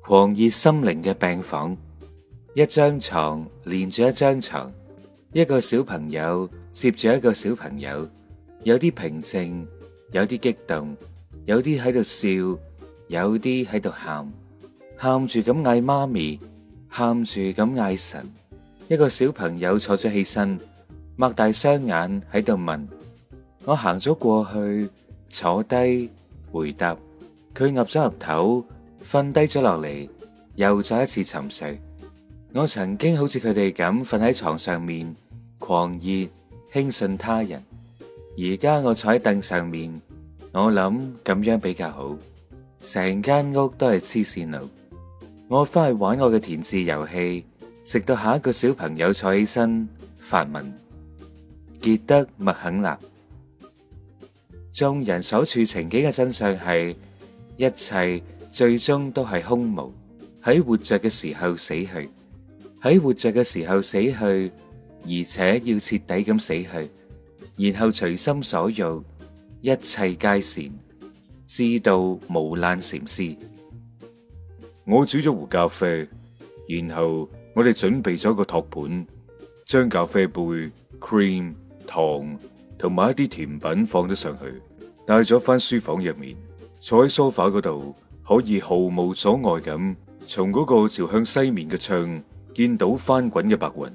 狂熱心靈嘅病房，一張床連住一張床，一個小朋友接住一個小朋友，有啲平靜，有啲激動，有啲喺度笑，有啲喺度喊，喊住咁嗌媽咪，喊住咁嗌神。一個小朋友坐咗起身，擘大雙眼喺度問，我行咗過去，坐低回答，佢岌咗岌頭。瞓低咗落嚟，又再一次沉睡。我曾經好似佢哋咁瞓喺床上面，狂熱輕信他人。而家我坐喺凳上面，我諗咁樣比較好。成間屋都係黐線佬，我返去玩我嘅填字遊戲，直到下一個小朋友坐起身發文。傑德麥肯納。眾人所處情景嘅真相係一切。最終都係空無。喺活着嘅時候死去，喺活着嘅時候死去，而且要徹底咁死去，然後隨心所欲，一切皆善，知道無難禪師。我煮咗壺咖啡，然後我哋準備咗個托盤，將咖啡杯、cream、糖同埋一啲甜品放咗上去，帶咗翻書房入面，坐喺梳化嗰度。可以毫無阻礙咁從嗰個朝向西面嘅窗，見到翻滾嘅白雲。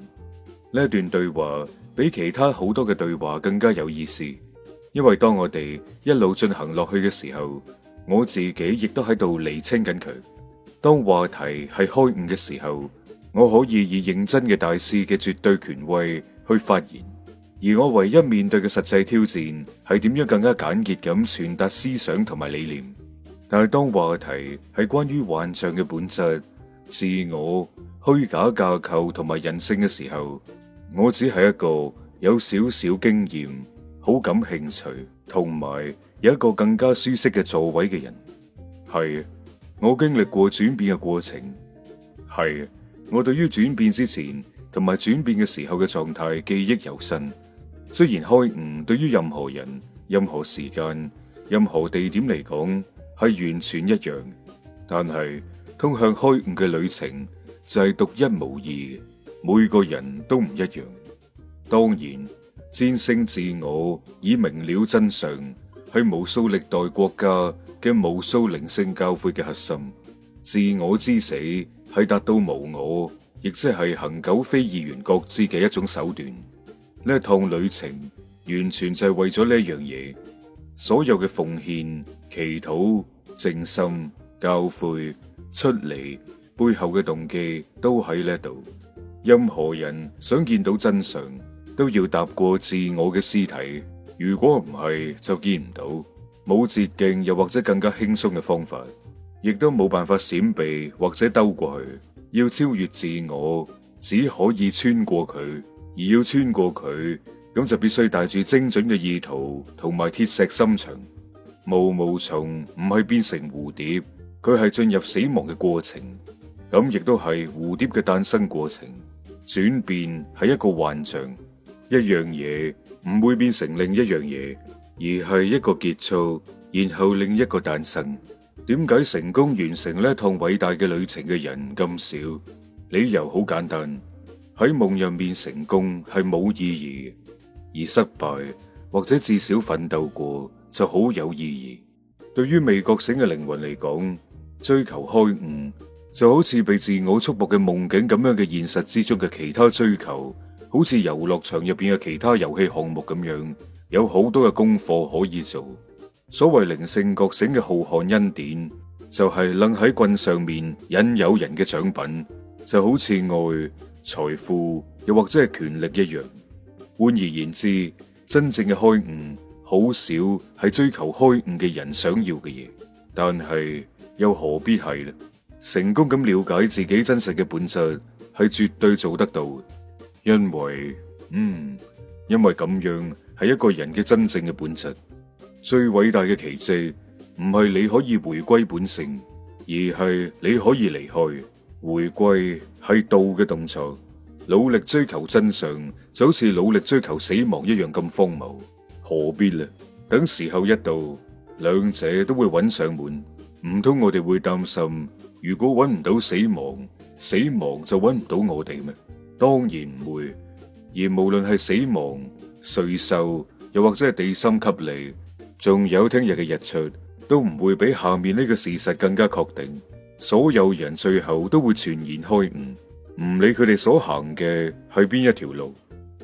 呢段對話比其他好多嘅對話更加有意思，因為當我哋一路進行落去嘅時候，我自己亦都喺度厘清緊佢。當話題係開悟嘅時候，我可以以認真嘅大師嘅絕對權威去發言，而我唯一面對嘅實際挑戰係點樣更加簡潔咁傳達思想同埋理念。但係，當話題係關於幻象嘅本質、自我、虛假架構同埋人性嘅時候，我只係一個有少少經驗、好感興趣同埋有一個更加舒適嘅座位嘅人。係，我經歷過轉變嘅過程，係，我對於轉變之前同埋轉變嘅時候嘅狀態記憶猶新。雖然開悟對於任何人、任何時間、任何地點嚟講，係完全一樣，但係通向開悟嘅旅程就係、是、獨一無二，每個人都唔一樣。當然，戰勝自我以明了真相，係無數歷代國家嘅無數靈性教誨嘅核心。自我之死係達到無我，亦即係恆久非二元各知嘅一種手段。呢一趟旅程完全就係為咗呢樣嘢。所有嘅奉獻、祈禱、靜心、教誨出嚟背後嘅動機都喺呢度。任何人想見到真相，都要踏過自我嘅屍體。如果唔係，就見唔到。冇捷徑，又或者更加輕鬆嘅方法，亦都冇辦法閃避或者兜過去。要超越自我，只可以穿過佢。而要穿過佢。咁就必須帶住精準嘅意圖同埋鐵石心腸，毛毛蟲唔係變成蝴蝶，佢係進入死亡嘅過程，咁亦都係蝴蝶嘅誕生過程。轉變係一個幻象，一樣嘢唔會變成另一樣嘢，而係一個結束，然後另一個誕生。點解成功完成呢趟偉大嘅旅程嘅人咁少？理由好簡單，喺夢入面成功係冇意義。而失敗或者至少奮鬥過就好有意義。對於未覺醒嘅靈魂嚟講，追求開悟就好似被自我束縛嘅夢境咁樣嘅現實之中嘅其他追求，好似遊樂場入邊嘅其他遊戲項目咁樣，有好多嘅功課可以做。所謂靈性覺醒嘅浩瀚恩典，就係掕喺棍上面引誘人嘅獎品，就好似愛、財富又或者係權力一樣。換而言之，真正嘅開悟，好少係追求開悟嘅人想要嘅嘢。但係又何必係呢？成功咁了解自己真實嘅本質，係絕對做得到。因為，嗯，因為咁樣係一個人嘅真正嘅本質。最偉大嘅奇蹟，唔係你可以回歸本性，而係你可以離開。回歸係道嘅動作。努力追求真相，就好似努力追求死亡一樣咁荒謬，何必呢？等時候一到，兩者都會揾上門。唔通我哋會擔心，如果揾唔到死亡，死亡就揾唔到我哋咩？當然唔會。而無論係死亡、稅收，又或者係地心吸力，仲有聽日嘅日出，都唔會比下面呢個事實更加確定。所有人最後都會全然開悟。唔理佢哋所行嘅係邊一條路，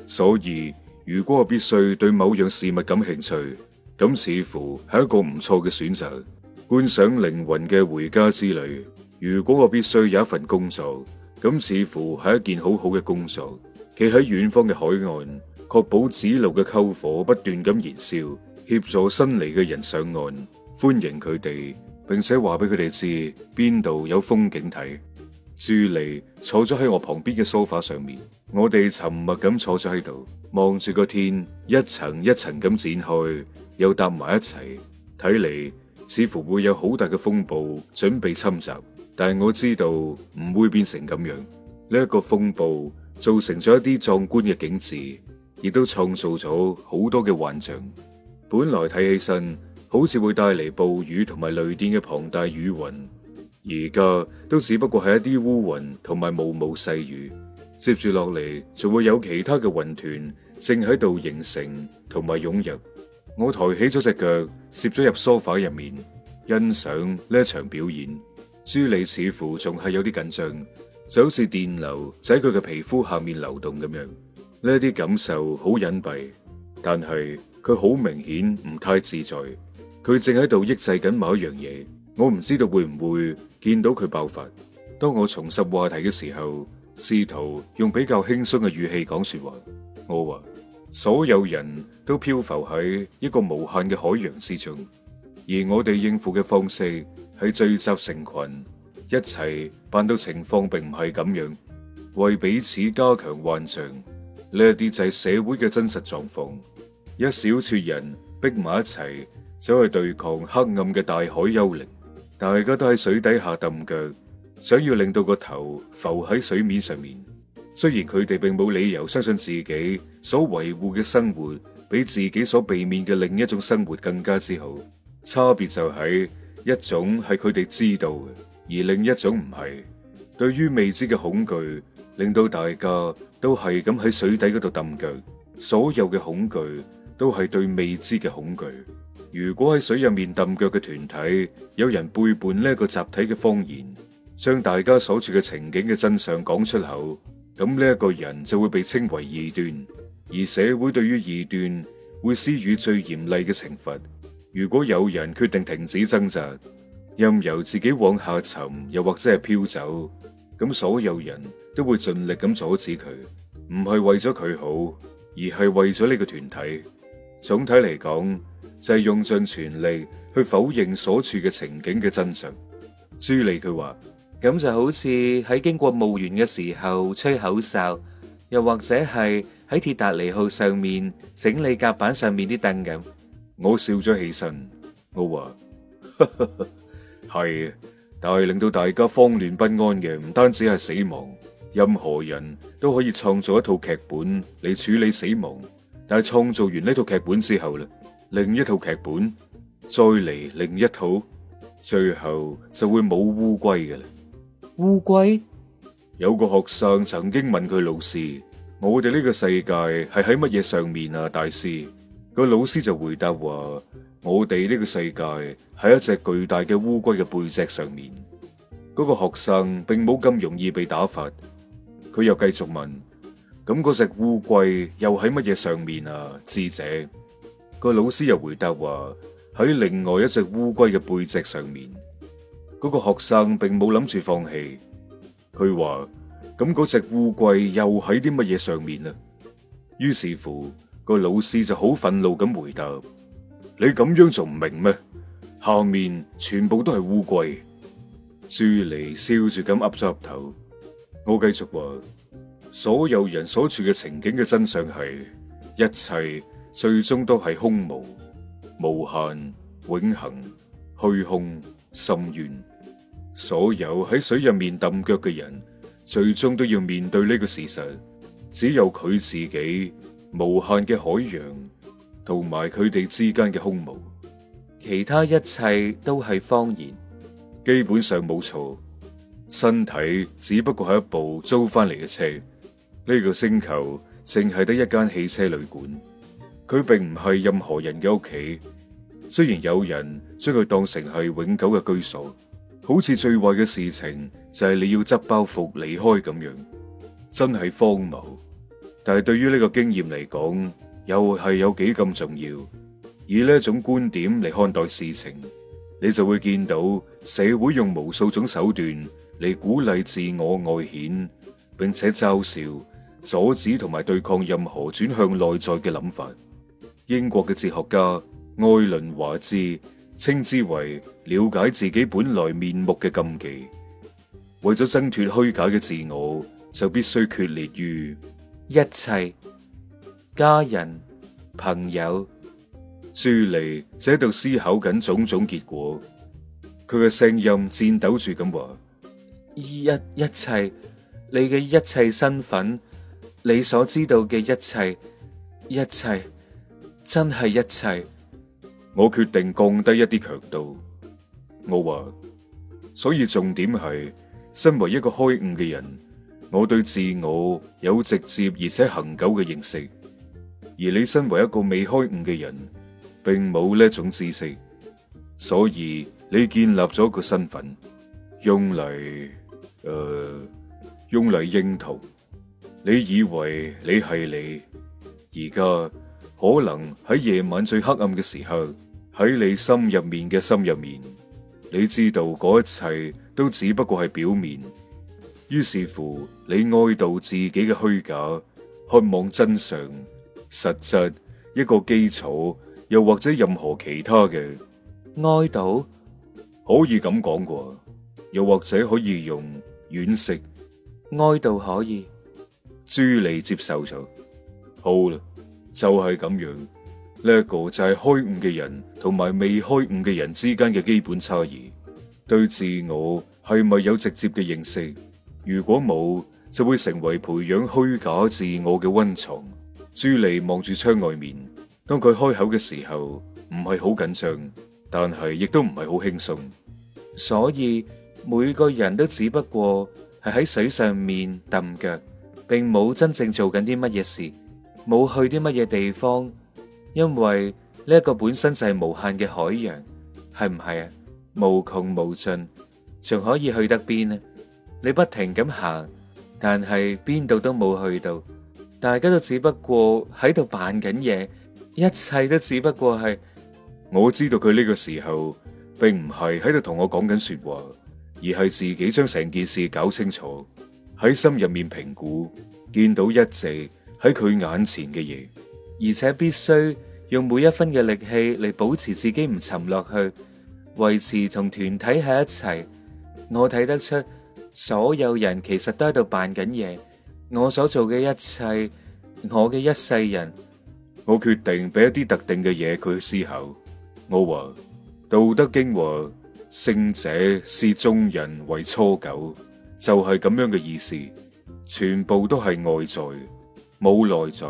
所以如果我必須對某樣事物感興趣，咁似乎係一個唔錯嘅選擇。觀賞靈魂嘅回家之旅。如果我必須有一份工作，咁似乎係一件好好嘅工作。企喺遠方嘅海岸，確保指路嘅篝火不斷咁燃燒，協助新嚟嘅人上岸，歡迎佢哋，並且話俾佢哋知邊度有風景睇。朱莉坐咗喺我旁邊嘅梳化上面，我哋沉默咁坐咗喺度，望住個天，一層一層咁展開，又搭埋一齊，睇嚟似乎會有好大嘅風暴準備侵襲。但係我知道唔會變成咁樣。呢、這、一個風暴造成咗一啲壯觀嘅景緻，亦都創造咗好多嘅幻象。本來睇起身好似會帶嚟暴雨同埋雷電嘅龐大雨雲。而家都只不過係一啲烏雲同埋毛毛細雨，接住落嚟仲會有其他嘅雲團正喺度形成同埋湧入。我抬起咗隻腳，攝咗入梳化入面，欣賞呢一場表演。朱莉似乎仲係有啲緊張，就好似電流喺佢嘅皮膚下面流動咁樣。呢啲感受好隱蔽，但係佢好明顯唔太自在。佢正喺度抑制緊某一樣嘢，我唔知道會唔會。見到佢爆發，當我重拾話題嘅時候，試圖用比較輕鬆嘅語氣講說話。我話：所有人都漂浮喺一個無限嘅海洋之中，而我哋應付嘅方式係聚集成群，一齊扮到情況並唔係咁樣，為彼此加強幻象。呢一啲就係社會嘅真實狀況，一小撮人逼埋一齊，走去對抗黑暗嘅大海幽靈。大家都喺水底下抌腳，想要令到個頭浮喺水面上面。雖然佢哋並冇理由相信自己所維護嘅生活，比自己所避免嘅另一種生活更加之好。差別就係一種係佢哋知道，而另一種唔係。對於未知嘅恐懼，令到大家都係咁喺水底嗰度抌腳。所有嘅恐懼都係對未知嘅恐懼。如果喺水入面揼腳嘅團體有人背叛呢個集體嘅謊言，將大家所處嘅情景嘅真相講出口，咁呢個人就會被稱為異端，而社會對於異端會施予最嚴厲嘅懲罰。如果有人決定停止掙扎，任由自己往下沉，又或者係飄走，咁所有人都會盡力咁阻止佢，唔係為咗佢好，而係為咗呢個團體。總體嚟講。就係用盡全力去否認所處嘅情景嘅真相。朱莉佢話：咁就好似喺經過墓園嘅時候吹口哨，又或者係喺鐵達尼號上面整理甲板上面啲凳咁。我笑咗起身，我話：係，但係令到大家慌亂不安嘅唔單止係死亡，任何人都可以創造一套劇本嚟處理死亡。但係創造完呢套劇本之後咧。另一套劇本，再嚟另一套，最後就會冇烏龜嘅啦。烏龜有個學生曾經問佢老師：，我哋呢個世界係喺乜嘢上面啊？大師，個老師就回答話：，我哋呢個世界喺一隻巨大嘅烏龜嘅背脊上面。嗰個學生並冇咁容易被打發，佢又繼續問：，咁嗰隻烏龜又喺乜嘢上面啊？智者。個老師又回答話，喺另外一隻烏龜嘅背脊上面，嗰個學生並冇諗住放棄。佢話，咁嗰隻烏龜又喺啲乜嘢上面啊？於是乎，個老師就好憤怒咁回答：你咁樣仲唔明咩？下面全部都係烏龜。朱莉笑住咁岌咗岌頭。我繼續話：所有人所處嘅情景嘅真相係一切，最終都係空無、無限、永恒、虛空、深淵、所有喺水入面揼腳嘅人，最終都要面對呢個事實。只有佢自己、無限嘅海洋，同埋佢哋之間嘅空無，其他一切都係謊言。基本上冇錯，身體只不過係一部租翻嚟嘅車。呢個星球淨係得一間汽車旅館。佢並唔係任何人嘅屋企，雖然有人將佢當成係永久嘅居所，好似最壞嘅事情就係你要執包袱離開咁樣，真係荒謬。但係對於呢個經驗嚟講，又係有幾咁重要。以呢種觀點嚟看待事情，你就會見到社會用無數種手段嚟鼓勵自我外顯，並且嘲笑、阻止同埋對抗任何轉向內在嘅諗法。英國嘅哲學家愛倫·華茲稱之為了解自己本來面目嘅禁忌。為咗掙脱虛假嘅自我，就必須決裂於一切家人、朋友。朱莉就喺度思考緊種種結果。佢嘅聲音顫抖住咁話：一一切，你嘅一切身份，你所知道嘅一切，一切。真係一切，我決定降低一啲強度。我話，所以重點係，身為一個開悟嘅人，我對自我有直接而且恒久嘅認識。而你身為一個未開悟嘅人，並冇呢種知識，所以你建立咗個身份，用嚟，誒、呃，用嚟認同。你以為你係你，而家，可能喺夜晚最黑暗嘅時候，喺你心入面嘅心入面，你知道嗰一切都只不過係表面。於是乎，你哀悼自己嘅虛假，渴望真相、實質一個基礎，又或者任何其他嘅哀悼，可以咁講喎，又或者可以用惋惜哀悼可以。朱莉接受咗，好啦。就係咁樣，呢一個就係開悟嘅人同埋未開悟嘅人之間嘅基本差異，對自我係咪有直接嘅認識？如果冇，就會成為培養虛假自我嘅溫床。朱莉望住窗外面，當佢開口嘅時候，唔係好緊張，但係亦都唔係好輕鬆。所以每個人都只不過係喺水上面揼腳，並冇真正做緊啲乜嘢事。冇去啲乜嘢地方，因為呢一個本身就係無限嘅海洋，係唔係啊？無窮無盡，仲可以去得邊呢？你不停咁行，但係邊度都冇去到，大家都只不過喺度扮緊嘢，一切都只不過係我知道佢呢個時候，並唔係喺度同我講緊說話，而係自己將成件事搞清楚，喺心入面評估，見到一直喺佢眼前嘅嘢，而且必須用每一分嘅力氣嚟保持自己唔沉落去，維持同團體喺一齊。我睇得出所有人其實都喺度扮緊嘢。我所做嘅一切，我嘅一世人，我決定俾一啲特定嘅嘢佢思考。我話《道德經》話聖者視眾人為芻狗，就係、是、咁樣嘅意思，全部都係外在。冇內在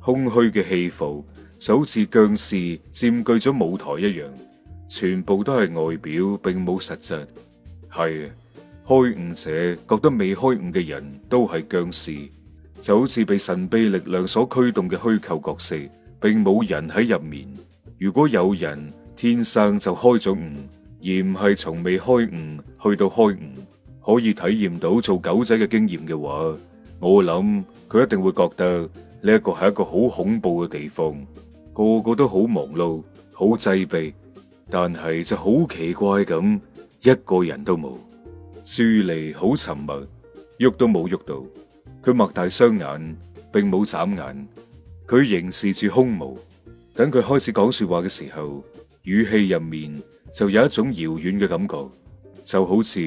空虛嘅戲服，就好似僵屍佔據咗舞台一樣，全部都係外表，並冇實質。係開悟者覺得未開悟嘅人都係僵屍，就好似被神秘力量所驅動嘅虛構角色，並冇人喺入面。如果有人天生就開咗悟，而唔係從未開悟去到開悟，可以體驗到做狗仔嘅經驗嘅話。我諗佢一定會覺得呢、這個、一個係一個好恐怖嘅地方，個個都好忙碌、好擠迫，但係就好奇怪咁，一個人都冇。朱莉好沉默，喐都冇喐到。佢擘大雙眼，並冇眨眼。佢凝視住空無。等佢開始講說話嘅時候，語氣入面就有一種遙遠嘅感覺，就好似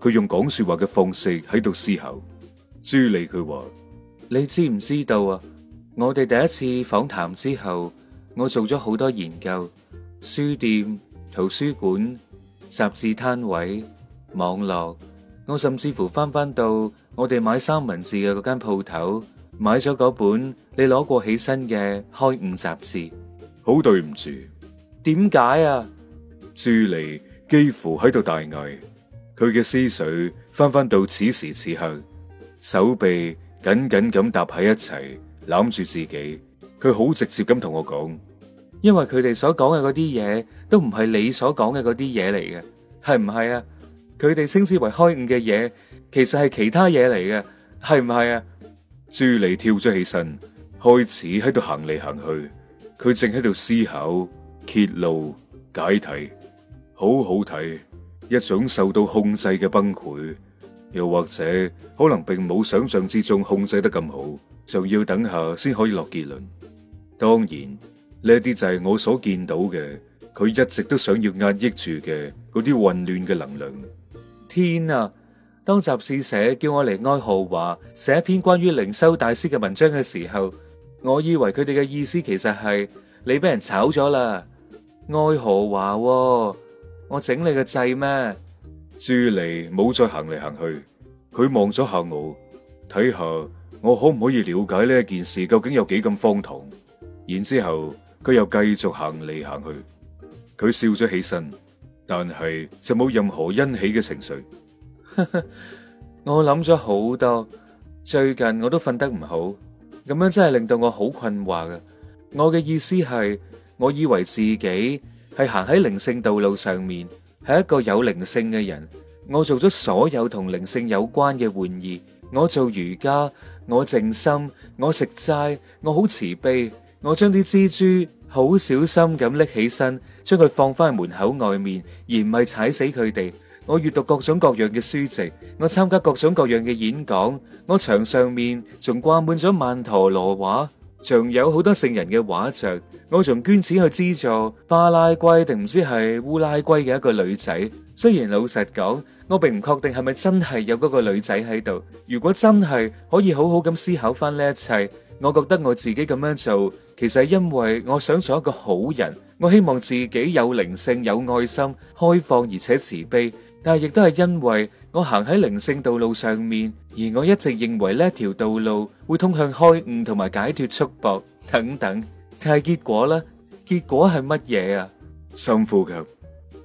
佢用講說話嘅方式喺度思考。朱莉佢話：你知唔知道啊？我哋第一次訪談之後，我做咗好多研究，書店、圖書館、雜誌攤位、網絡，我甚至乎翻返到我哋買三文治嘅嗰間鋪頭，買咗嗰本你攞過起身嘅《開悟》雜誌。好對唔住，點解啊？朱莉幾乎喺度大嗌，佢嘅思緒翻返到此時此刻。手臂緊緊咁搭喺一齊攬住自己，佢好直接咁同我講，因為佢哋所講嘅嗰啲嘢都唔係你所講嘅嗰啲嘢嚟嘅，係唔係啊？佢哋稱之為開悟嘅嘢，其實係其他嘢嚟嘅，係唔係啊？朱莉跳咗起身，開始喺度行嚟行去，佢正喺度思考揭露解體，好好睇一種受到控制嘅崩潰。又或者可能並冇想象之中控制得咁好，仲要等下先可以落結論。當然呢一啲就係我所見到嘅，佢一直都想要壓抑住嘅嗰啲混亂嘅能量。天啊！當雜誌社叫我嚟愛荷華寫一篇關於靈修大師嘅文章嘅時候，我以為佢哋嘅意思其實係你俾人炒咗啦，愛荷華，我整你個掣咩？朱莉冇再行嚟行去。佢望咗下我，睇下我可唔可以了解呢一件事究竟有幾咁荒唐。然之後佢又繼續行嚟行去。佢笑咗起身，但係就冇任何欣喜嘅情緒。 我諗咗好多，最近我都瞓得唔好，咁樣真係令到我好困惑噶。我嘅意思係，我以為自己係行喺靈性道路上面。係一個有靈性嘅人，我做咗所有同靈性有關嘅玩意，我做瑜伽，我靜心，我食齋，我好慈悲，我將啲蜘蛛好小心咁拎起身，將佢放翻喺門口外面，而唔係踩死佢哋。我閱讀各種各樣嘅書籍，我參加各種各樣嘅演講，我牆上面仲掛滿咗曼陀羅畫。仲有好多聖人嘅畫像，我仲捐錢去資助巴拉圭定唔知係烏拉圭嘅一個女仔。雖然老實講，我並唔確定係咪真係有個女仔喺度。如果真係可以好好咁思考翻呢一切，我覺得我自己咁樣做，其實係因為我想做一個好人。我希望自己有靈性、有愛心、開放而且慈悲，但係亦都係因為我行喺靈性道路上面。而我一直認為呢條道路會通向開悟同埋解脫束縛等等，但係結果咧，結果係乜嘢啊？深呼吸，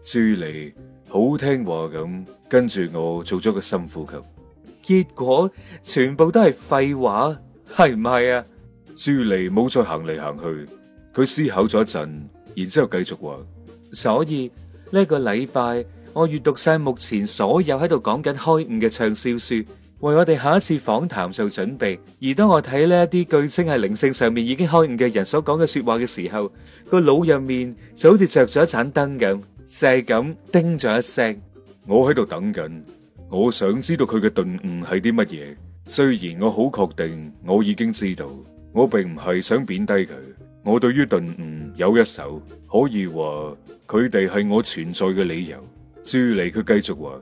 朱莉好聽話咁跟住我做咗個深呼吸。結果全部都係廢話，係唔係啊？朱莉冇再行嚟行去，佢思考咗一陣，然之後繼續話。所以呢個禮拜，我閱讀晒目前所有喺度講緊開悟嘅暢銷書。為我哋下一次訪談做準備。而當我睇呢一啲據稱係靈性上面已經開悟嘅人所講嘅說話嘅時候，個腦入面就好似着咗一盞燈咁，就係咁叮咗一聲。我喺度等緊，我想知道佢嘅頓悟係啲乜嘢。雖然我好確定我已經知道，我並唔係想貶低佢。我對於頓悟有一手，可以話佢哋係我存在嘅理由。朱莉佢繼續話：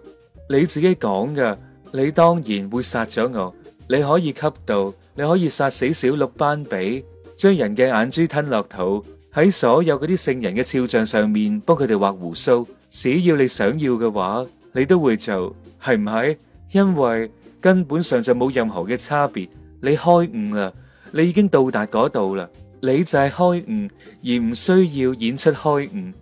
你自己講嘅。你當然會殺咗我，你可以吸毒，你可以殺死小鹿斑比，將人嘅眼珠吞落肚，喺所有嗰啲聖人嘅肖像上面幫佢哋畫鬍鬚，只要你想要嘅話，你都會做，係唔係？因為根本上就冇任何嘅差別，你開悟啦，你已經到達嗰度啦，你就係開悟，而唔需要演出開悟。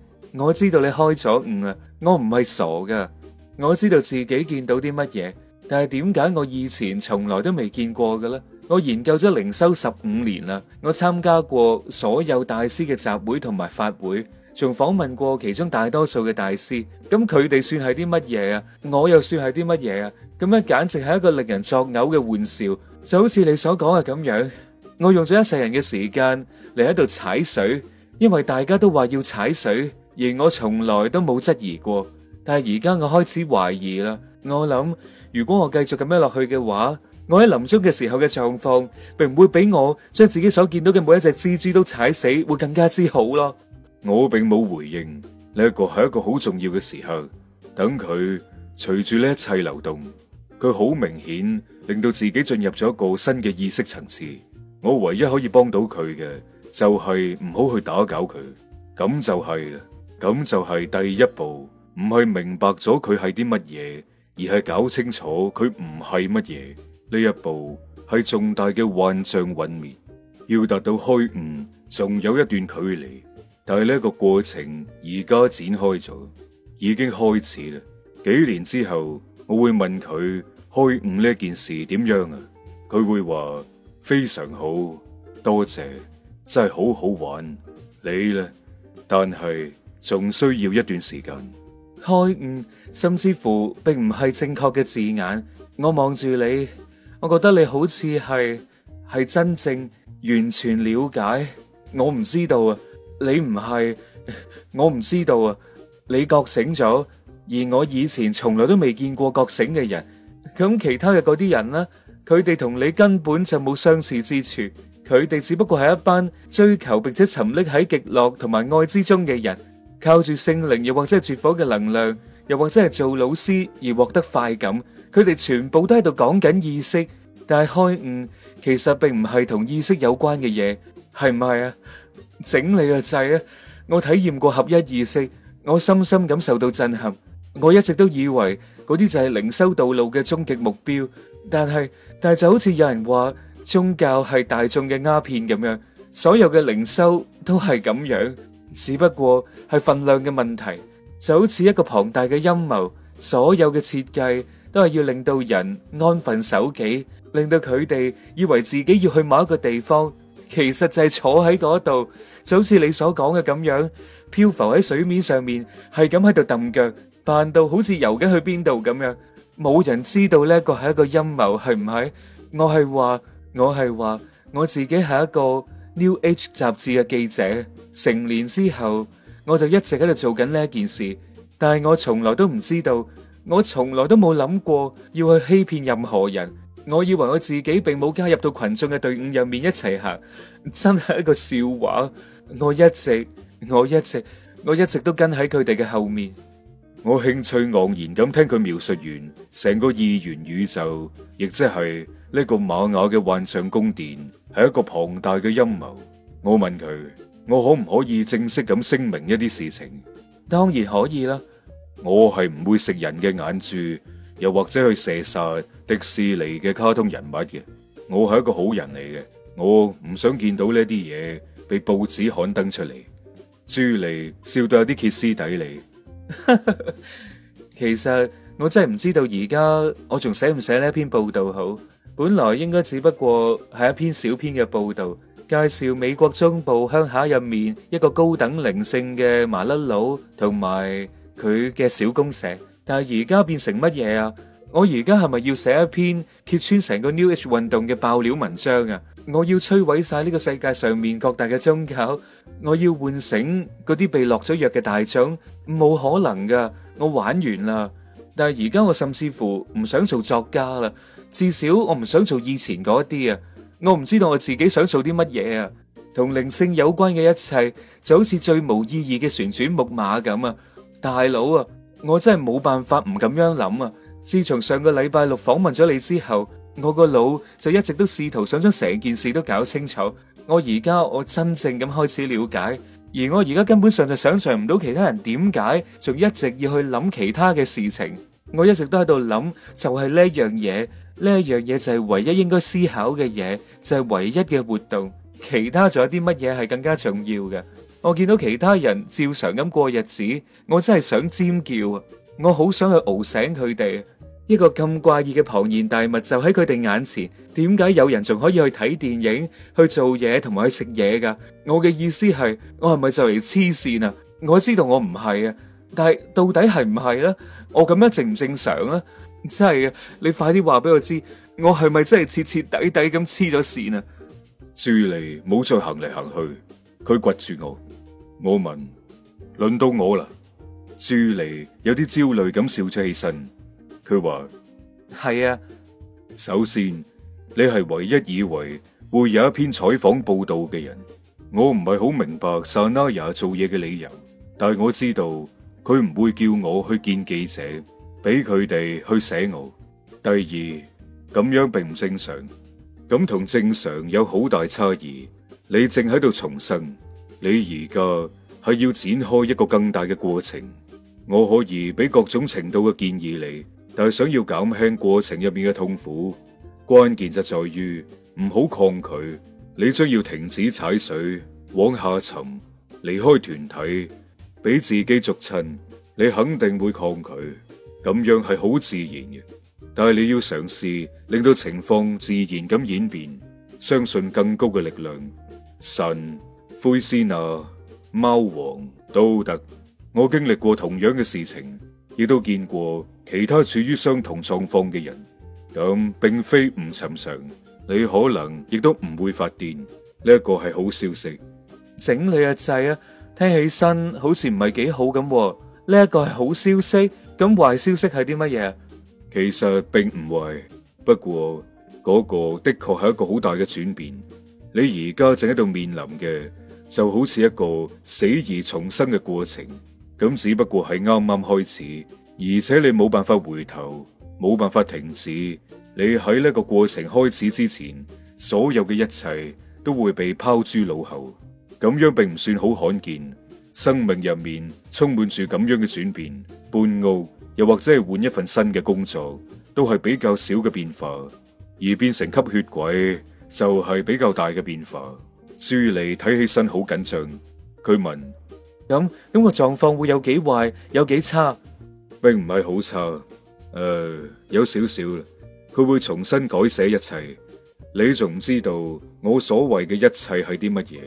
我知道你開咗悟啦，我唔係傻噶，我知道自己見到啲乜嘢。但係點解我以前從來都未見過嘅咧？我研究咗靈修十五年啦，我參加過所有大師嘅集會同埋法會，仲訪問過其中大多數嘅大師。咁佢哋算係啲乜嘢啊？我又算係啲乜嘢啊？咁樣簡直係一個令人作嘔嘅玩笑。就好似你所講嘅咁樣，我用咗一世人嘅時間嚟喺度踩水，因為大家都話要踩水，而我從來都冇質疑過。但係而家我開始懷疑啦。我諗，如果我繼續咁樣落去嘅話，我喺臨終嘅時候嘅狀況，並唔會俾我將自己所見到嘅每一隻蜘蛛都踩死會更加之好咯。我並冇回應，呢一個係一個好重要嘅時刻，等佢隨住呢一切流動，佢好明顯令到自己進入咗一個新嘅意識層次。我唯一可以幫到佢嘅，就係唔好去打攪佢。咁就係啦，咁就係第一步，唔係明白咗佢係啲乜嘢。而係搞清楚佢唔係乜嘢。呢一步係重大嘅幻象毀滅，要達到開悟仲有一段距離，但係呢個過程而家展開咗，已經開始啦。幾年之後我會問佢，開悟呢件事點樣啊？佢會話非常好，多謝，真係好好玩你咧，但係仲需要一段時間。開悟甚至乎並唔係正確嘅字眼。我望住你，我覺得你好似係係真正完全了解。我唔知道啊，你唔係，我唔知道啊，你覺醒咗，而我以前從來都未見過覺醒嘅人。咁其他嘅嗰啲人咧，佢哋同你根本就冇相似之處。佢哋只不過係一班追求並且沉溺喺極樂同埋愛之中嘅人。靠住聖靈，又或者係絕火嘅能量，又或者係做老師而獲得快感，佢哋全部都喺度講緊意識，但係開悟其實並唔係同意識有關嘅嘢，係唔係啊？整理個掣啊！我體驗過合一意識，我深深感受到震撼。我一直都以為嗰啲就係靈修道路嘅終極目標，但係但係就好似有人話宗教係大眾嘅鴉片咁樣，所有嘅靈修都係咁樣。只不過係份量嘅問題，就好似一個龐大嘅陰謀，所有嘅設計都係要令到人安分守己，令到佢哋以為自己要去某一個地方，其實就係坐喺嗰度，就好似你所講嘅咁樣漂浮喺水面上面，係咁喺度揼腳，扮到好似游緊去邊度咁樣，冇人知道呢個係一個陰謀係唔係？我係話，我係話，我自己係一個 New Age 雜誌嘅記者。成年之後，我就一直喺度做緊呢件事，但係我從來都唔知道，我從來都冇諗過要去欺騙任何人。我以為我自己並冇加入到群眾嘅隊伍入面一齊行，真係一個笑話。我一直，我一直，我一直都跟喺佢哋嘅後面。我興趣盎然咁聽佢描述完，成個二元宇宙，亦即係呢個瑪雅嘅幻象宮殿，係一個龐大嘅陰謀。我問佢。我可唔可以正式咁聲明一啲事情？當然可以啦，我係唔會食人嘅眼珠，又或者去射殺迪士尼嘅卡通人物嘅。我係一個好人嚟嘅，我唔想見到呢啲嘢被報紙刊登出嚟。朱莉笑到有啲歇斯底里。 其實我真係唔知道而家我仲寫唔寫呢一篇報道好？本來應該只不過係一篇小篇嘅報道。介紹美國中部鄉下入面一個高等靈性嘅麻甩佬同埋佢嘅小公社，但係而家變成乜嘢啊？我而家係咪要寫一篇揭穿成個 New Age 運動嘅爆料文章啊？我要摧毀晒呢個世界上面各大嘅宗教，我要喚醒嗰啲被落咗藥嘅大眾，冇可能㗎！我玩完啦，但係而家我甚至乎唔想做作家啦，至少我唔想做以前嗰啲啊！我唔知道我自己想做啲乜嘢啊！同靈性有關嘅一切就好似最無意義嘅旋轉木馬咁啊！大佬啊，我真係冇辦法唔咁樣諗啊！自從上個禮拜六訪問咗你之後，我個腦就一直都試圖想將成件事都搞清楚。我而家我真正咁開始了解，而我而家根本上就想象唔到其他人點解仲一直要去諗其他嘅事情。我一直都喺度諗，就係呢樣嘢。呢一樣嘢就係唯一應該思考嘅嘢，就係唯一嘅活動。其他仲有啲乜嘢係更加重要嘅？我見到其他人照常咁過日子，我真係想尖叫啊！我好想去鬧醒佢哋。一個咁怪異嘅龐然大物就喺佢哋眼前，點解有人仲可以去睇電影、去做嘢同埋去食嘢噶？我嘅意思係，我係咪就嚟黐線啊？我知道我唔係啊，但係到底係唔係咧？我咁樣正唔正常咧？真係啊！你快啲話俾我知，我係咪真係徹徹底底咁黐咗線啊？朱莉，冇再行嚟行去，佢掘住我。我問，輪到我啦。朱莉有啲焦慮咁笑咗起身，佢話：係啊。首先，你係唯一以為會有一篇採訪報道嘅人。我唔係好明白 Sanaya 做嘢嘅理由，但係我知道佢唔會叫我去見記者。俾佢哋去寫我。第二，咁樣並唔正常，咁同正常有好大差異。你正喺度重生，你而家係要展開一個更大嘅過程。我可以俾各種程度嘅建議你，但係想要減輕過程入面嘅痛苦，關鍵就在於唔好抗拒。你將要停止踩水，往下沉，離開團體，俾自己逐親。你肯定會抗拒。咁樣係好自然嘅，但係你要嘗試令到情況自然咁演變，相信更高嘅力量。神、灰仙娜、貓王、都得，我經歷過同樣嘅事情，亦都見過其他處於相同狀況嘅人。咁並非唔尋常，你可能亦都唔會發癲。呢一個係好消息。整理啊制啊，聽起身好似唔係幾好咁。呢一個係好消息。咁壞消息係啲乜嘢？其實並唔壞，不過嗰個的確係一個好大嘅轉變。你而家正喺度面臨嘅就好似一個死而重生嘅過程。咁只不過係啱啱開始，而且你冇辦法回頭，冇辦法停止。你喺呢個過程開始之前，所有嘅一切都會被拋諸腦後。咁樣並唔算好罕見。生命入面充滿住咁樣嘅轉變，搬屋又或者係換一份新嘅工作，都係比較少嘅變化；而變成吸血鬼就係、是、比較大嘅變化。朱莉睇起身好緊張，佢問：咁咁、嗯，那個狀況會有幾壞？有幾差？並唔係好差，誒、呃，有少少啦。佢會重新改寫一切。你仲唔知道我所謂嘅一切係啲乜嘢？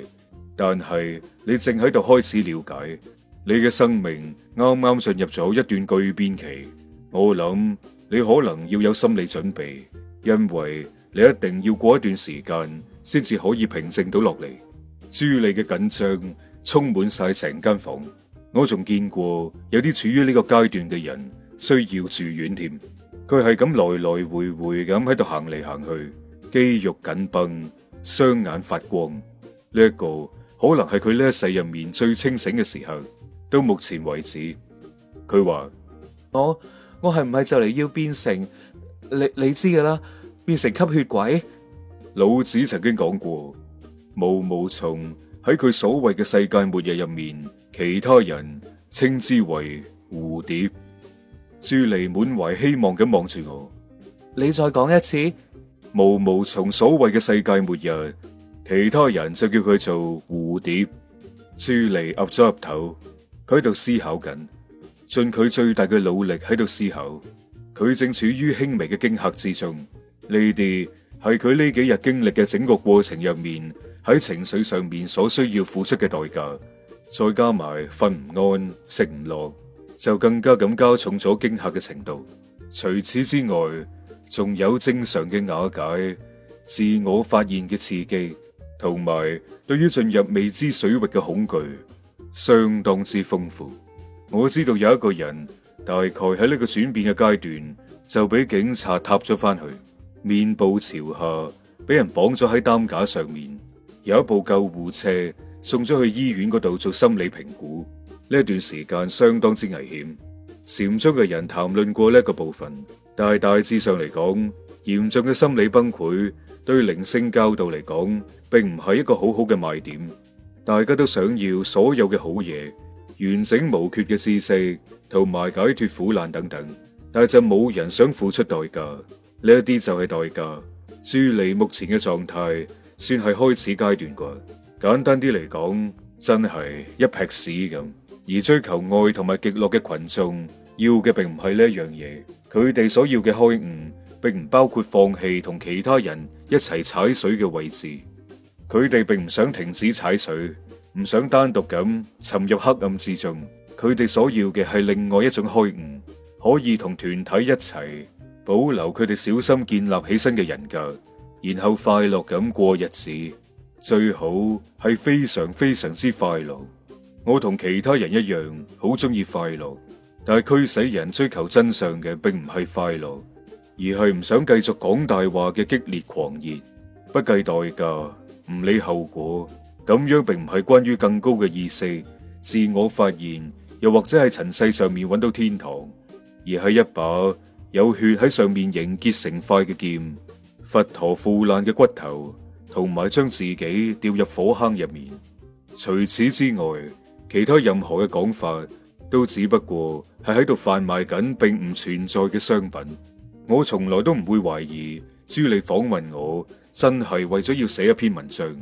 但係你正喺度開始了解，你嘅生命啱啱進入咗一段巨變期，我諗你可能要有心理準備，因為你一定要過一段時間先至可以平靜到落嚟。朱莉嘅緊張充滿晒成間房，我仲見過有啲處於呢個階段嘅人需要住院添，佢係咁來來回回咁喺度行嚟行去，肌肉緊繃，雙眼發光，呢、這、一個。可能係佢呢一世入面最清醒嘅時候。到目前為止，佢話，哦，我我係唔係就嚟要變成你你知噶啦，變成吸血鬼。老子曾經講過，毛毛蟲喺佢所謂嘅世界末日入面，其他人稱之為蝴蝶。朱莉滿懷希望咁望住我，你再講一次，毛毛蟲所謂嘅世界末日。其他人就叫佢做蝴蝶。朱莉岌咗岌頭，佢喺度思考緊，盡佢最大嘅努力喺度思考。佢正處於輕微嘅驚嚇之中，呢啲係佢呢幾日經歷嘅整個過程入面，喺情緒上面所需要付出嘅代價，再加埋瞓唔安、食唔落，就更加咁加重咗驚嚇嘅程度。除此之外，仲有正常嘅瓦解、自我發現嘅刺激。同埋，對於進入未知水域嘅恐懼相當之豐富。我知道有一個人大概喺呢個轉變嘅階段就俾警察撻咗返去，面部朝下，俾人綁咗喺擔架上面。有一部救護車送咗去醫院嗰度做心理評估。呢段時間相當之危險。禪宗嘅人談論過呢一個部分，但係大致上嚟講，嚴重嘅心理崩潰對靈性教導嚟講。並唔係一個好好嘅賣點，大家都想要所有嘅好嘢、完整無缺嘅知識同埋解脱苦難等等，但係就冇人想付出代價，呢一啲就係代價。朱莉目前嘅狀態算係開始階段啩？簡單啲嚟講，真係一劈屎咁。而追求愛同埋極樂嘅群眾要嘅並唔係呢一樣嘢，佢哋所要嘅開悟並唔包括放棄同其他人一齊踩水嘅位置。佢哋並唔想停止踩水，唔想單獨咁沉入黑暗之中。佢哋所要嘅係另外一種開悟，可以同團體一齊保留佢哋小心建立起身嘅人格，然後快樂咁過日子。最好係非常非常之快樂。我同其他人一樣好中意快樂，但係驅使人追求真相嘅並唔係快樂，而係唔想繼續講大話嘅激烈狂熱，不計代價，唔理後果，咁樣並唔係關於更高嘅意思、自我發現，又或者係塵世上面揾到天堂，而係一把有血喺上面凝結成塊嘅劍，佛陀腐爛嘅骨頭，同埋將自己掉入火坑入面。除此之外，其他任何嘅講法，都只不過係喺度販賣緊並唔存在嘅商品。我從來都唔會懷疑。朱莉訪問我，真係為咗要寫一篇文章。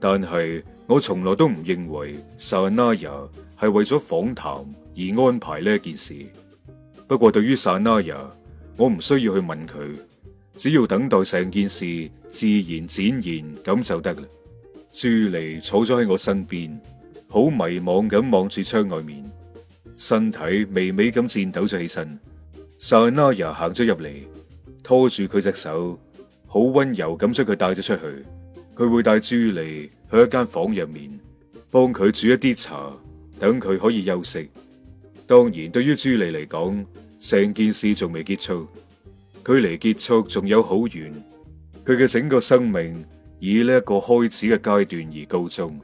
但係我從來都唔認為薩尼亞係為咗訪談而安排呢一件事。不過對於薩尼亞，我唔需要去問佢，只要等待成件事自然展現咁就得啦。朱莉坐咗喺我身邊，好迷茫咁望住窗外面，身體微微咁顫抖咗起身。薩尼亞行咗入嚟，拖住佢隻手。好溫柔咁將佢帶咗出去，佢會帶朱莉去一間房入面，幫佢煮一啲茶，等佢可以休息。當然，對於朱莉嚟講，成件事仲未結束，距離結束仲有好遠。佢嘅整個生命以呢一個開始嘅階段而告終，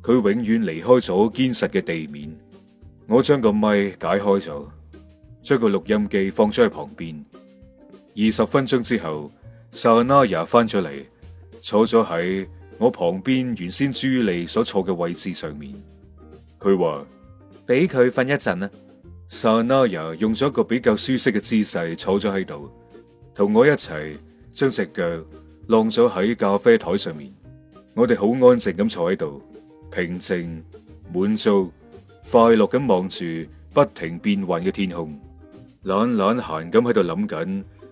佢永遠離開咗堅實嘅地面。我將個咪解開咗，將個錄音機放咗喺旁邊。二十分鐘之後。薩娜 a 翻咗嚟，坐咗喺我旁邊原先朱莉所坐嘅位置上面。佢話俾佢瞓一陣啦。薩娜 a 用咗個比較舒適嘅姿勢坐咗喺度，同我一齊將隻腳晾咗喺咖啡台上面。我哋好安靜咁坐喺度，平靜、滿足、快樂咁望住不停變幻嘅天空，懶懶閒咁喺度諗緊。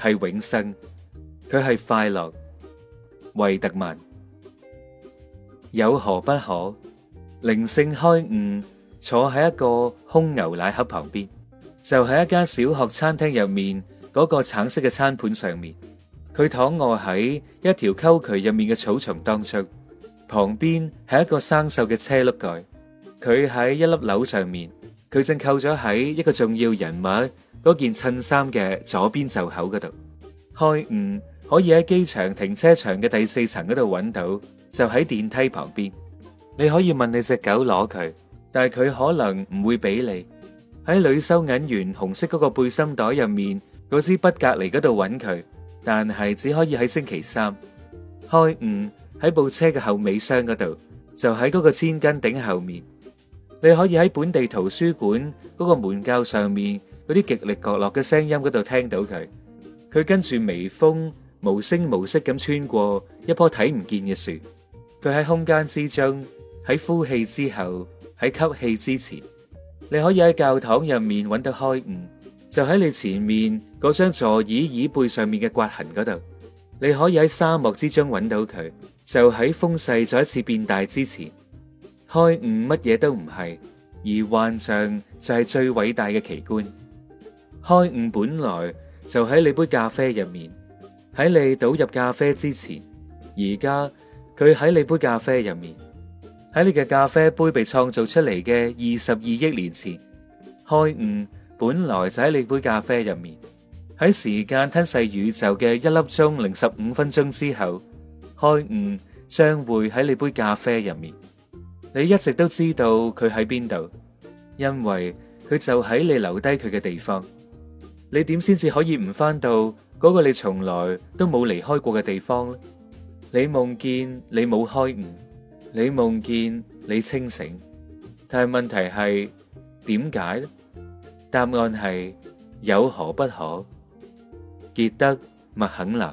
係永生，佢係快樂，惠特曼有何不可？靈性開悟，坐喺一個空牛奶盒旁邊，就喺一間小學餐廳入面嗰個橙色嘅餐盤上面。佢躺卧喺一條溝渠入面嘅草叢當中，旁邊係一個生鏽嘅車轆蓋。佢喺一粒樓上面，佢正扣咗喺一個重要人物。嗰件襯衫嘅左邊袖口嗰度，開五可以喺機場停車場嘅第四層嗰度揾到，就喺電梯旁邊。你可以問你隻狗攞佢，但係佢可能唔會俾你。喺女收銀員紅色嗰個背心袋入面，嗰支筆隔籬嗰度揾佢，但係只可以喺星期三。開五喺部車嘅後尾箱嗰度，就喺嗰個千斤頂後面。你可以喺本地圖書館嗰個門鉸上面。嗰啲極力角落嘅聲音，嗰度聽到佢。佢跟住微風，無聲無息咁穿過一棵睇唔見嘅樹。佢喺空間之中，喺呼氣之後，喺吸氣之前，你可以喺教堂入面揾到開悟，就喺你前面嗰張座椅椅背上面嘅刮痕嗰度。你可以喺沙漠之中揾到佢，就喺風勢再一次變大之前。開悟乜嘢都唔係，而幻象就係最偉大嘅奇觀。開悟本來就喺你杯咖啡入面，喺你倒入咖啡之前，而家佢喺你杯咖啡入面，喺你嘅咖啡杯被創造出嚟嘅二十二億年前，開悟本來就喺你杯咖啡入面，喺時間吞噬宇宙嘅一粒鐘零十五分鐘之後，開悟將會喺你杯咖啡入面。你一直都知道佢喺邊度，因為佢就喺你留低佢嘅地方。你點先至可以唔返到嗰個你從來都冇離開過嘅地方？你夢見你冇開悟，你夢見你清醒，但係問題係點解？答案係有何不可？傑德麥肯納。